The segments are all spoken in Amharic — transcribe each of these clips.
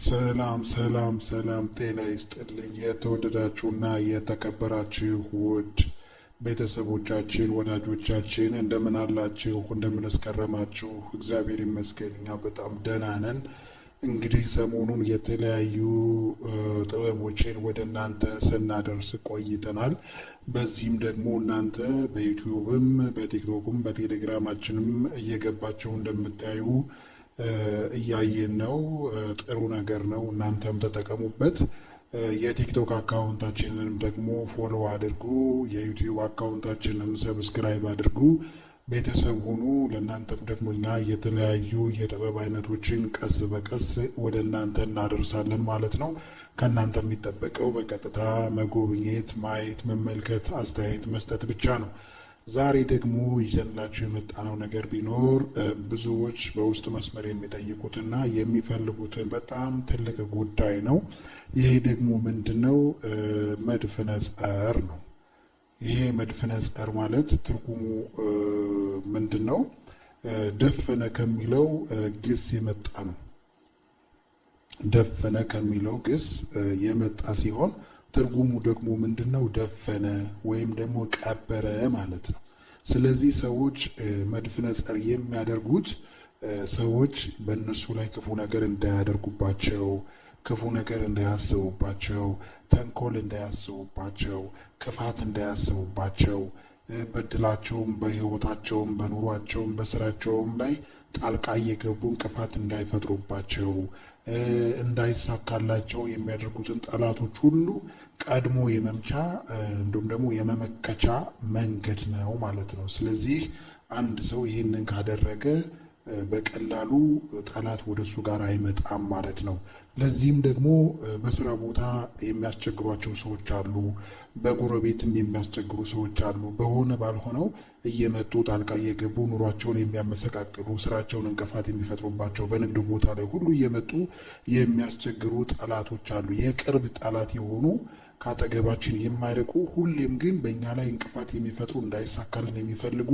ሰላም ሰላም ሰላም፣ ጤና ይስጥልኝ የተወደዳችሁና የተከበራችሁ ውድ ቤተሰቦቻችን ወዳጆቻችን፣ እንደምን አላችሁ? እንደምን እግዚአብሔር ይመስገን እኛ በጣም ደህና ነን። እንግዲህ ሰሞኑን የተለያዩ ጥበቦችን ወደ እናንተ ስናደርስ ቆይተናል። በዚህም ደግሞ እናንተ በዩቲዩብም በቲክቶክም በቴሌግራማችንም እየገባችሁ እንደምታዩ እያየን ነው። ጥሩ ነገር ነው። እናንተም ተጠቀሙበት። የቲክቶክ አካውንታችንንም ደግሞ ፎሎ አድርጉ። የዩቲዩብ አካውንታችንን ሰብስክራይብ አድርጉ። ቤተሰብ ሁኑ። ለእናንተም ደግሞ እኛ የተለያዩ የጥበብ አይነቶችን ቀስ በቀስ ወደ እናንተ እናደርሳለን ማለት ነው። ከእናንተ የሚጠበቀው በቀጥታ መጎብኘት፣ ማየት፣ መመልከት፣ አስተያየት መስጠት ብቻ ነው። ዛሬ ደግሞ ይዘላችሁ የመጣነው ነገር ቢኖር ብዙዎች በውስጥ መስመር የሚጠይቁትና የሚፈልጉትን በጣም ትልቅ ጉዳይ ነው። ይሄ ደግሞ ምንድን ነው? መድፍነ ጸር ነው። ይሄ መድፍነ ጸር ማለት ትርጉሙ ምንድን ነው? ደፈነ ከሚለው ግስ የመጣ ነው። ደፈነ ከሚለው ግስ የመጣ ሲሆን ትርጉሙ ደግሞ ምንድን ነው? ደፈነ ወይም ደግሞ ቀበረ ማለት ነው። ስለዚህ ሰዎች መድፍነ ጸር የሚያደርጉት ሰዎች በእነሱ ላይ ክፉ ነገር እንዳያደርጉባቸው፣ ክፉ ነገር እንዳያስቡባቸው፣ ተንኮል እንዳያስቡባቸው፣ ክፋት እንዳያስቡባቸው፣ በድላቸውም፣ በሕይወታቸውም፣ በኑሯቸውም፣ በስራቸውም ላይ ጣልቃ እየገቡ እንቅፋት እንዳይፈጥሩባቸው እንዳይሳካላቸው የሚያደርጉትን ጠላቶች ሁሉ ቀድሞ የመምቻ እንዲሁም ደግሞ የመመከቻ መንገድ ነው ማለት ነው። ስለዚህ አንድ ሰው ይህንን ካደረገ በቀላሉ ጠላት ወደሱ ጋር አይመጣም ማለት ነው። ለዚህም ደግሞ በስራ ቦታ የሚያስቸግሯቸው ሰዎች አሉ፣ በጎረቤትም የሚያስቸግሩ ሰዎች አሉ። በሆነ ባልሆነው እየመጡ ጣልቃ እየገቡ ኑሯቸውን የሚያመሰቃቅሉ ስራቸውን እንቅፋት የሚፈጥሩባቸው በንግድ ቦታ ላይ ሁሉ እየመጡ የሚያስቸግሩ ጠላቶች አሉ። የቅርብ ጠላት የሆኑ ከአጠገባችን የማይርቁ ሁሌም ግን በእኛ ላይ እንቅፋት የሚፈጥሩ እንዳይሳካልን የሚፈልጉ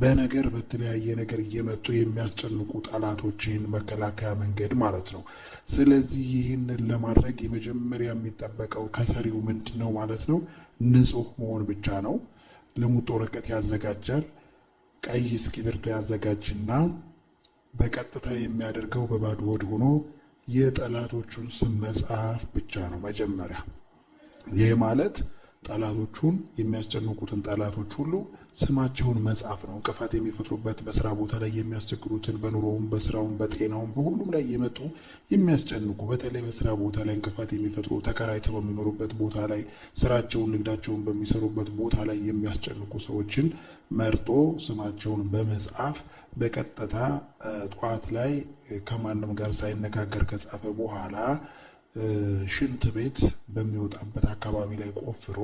በነገር በተለያየ ነገር እየመጡ የሚያስጨንቁ ጠላቶችን መከላከያ መንገድ ማለት ነው። ስለዚህ ይህንን ለማድረግ የመጀመሪያ የሚጠበቀው ከሰሪው ምንድን ነው ማለት ነው? ንጹህ መሆን ብቻ ነው። ልሙጥ ወረቀት ያዘጋጃል። ቀይ እስክሪብቶ ያዘጋጅና በቀጥታ የሚያደርገው በባዶ ሆድ ሆኖ የጠላቶቹን ስም መጽሐፍ ብቻ ነው መጀመሪያ ይህ ማለት ጠላቶቹን የሚያስጨንቁትን ጠላቶች ሁሉ ስማቸውን መጻፍ ነው። እንቅፋት የሚፈጥሩበት በስራ ቦታ ላይ የሚያስቸግሩትን፣ በኑሮውም፣ በስራውም፣ በጤናውም በሁሉም ላይ የመጡ የሚያስጨንቁ በተለይ በስራ ቦታ ላይ እንቅፋት የሚፈጥሩ ተከራይተው በሚኖሩበት ቦታ ላይ ስራቸውን፣ ንግዳቸውን በሚሰሩበት ቦታ ላይ የሚያስጨንቁ ሰዎችን መርጦ ስማቸውን በመጻፍ በቀጥታ ጠዋት ላይ ከማንም ጋር ሳይነጋገር ከጻፈ በኋላ ሽንት ቤት በሚወጣበት አካባቢ ላይ ቆፍሮ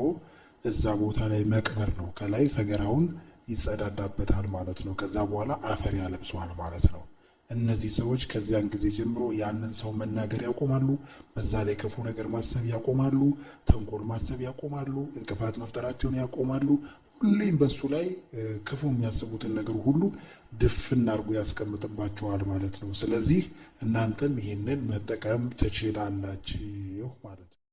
እዛ ቦታ ላይ መቅበር ነው። ከላይ ሰገራውን ይጸዳዳበታል ማለት ነው። ከዛ በኋላ አፈር ያለብሰዋል ማለት ነው። እነዚህ ሰዎች ከዚያን ጊዜ ጀምሮ ያንን ሰው መናገር ያቆማሉ። በዛ ላይ ክፉ ነገር ማሰብ ያቆማሉ። ተንኮል ማሰብ ያቆማሉ። እንቅፋት መፍጠራቸውን ያቆማሉ። ሁሌም በሱ ላይ ክፉ የሚያስቡትን ነገር ሁሉ ድፍን አድርጎ ያስቀምጥባቸዋል ማለት ነው። ስለዚህ እናንተም ይህንን መጠቀም ትችላላችሁ ማለት ነው።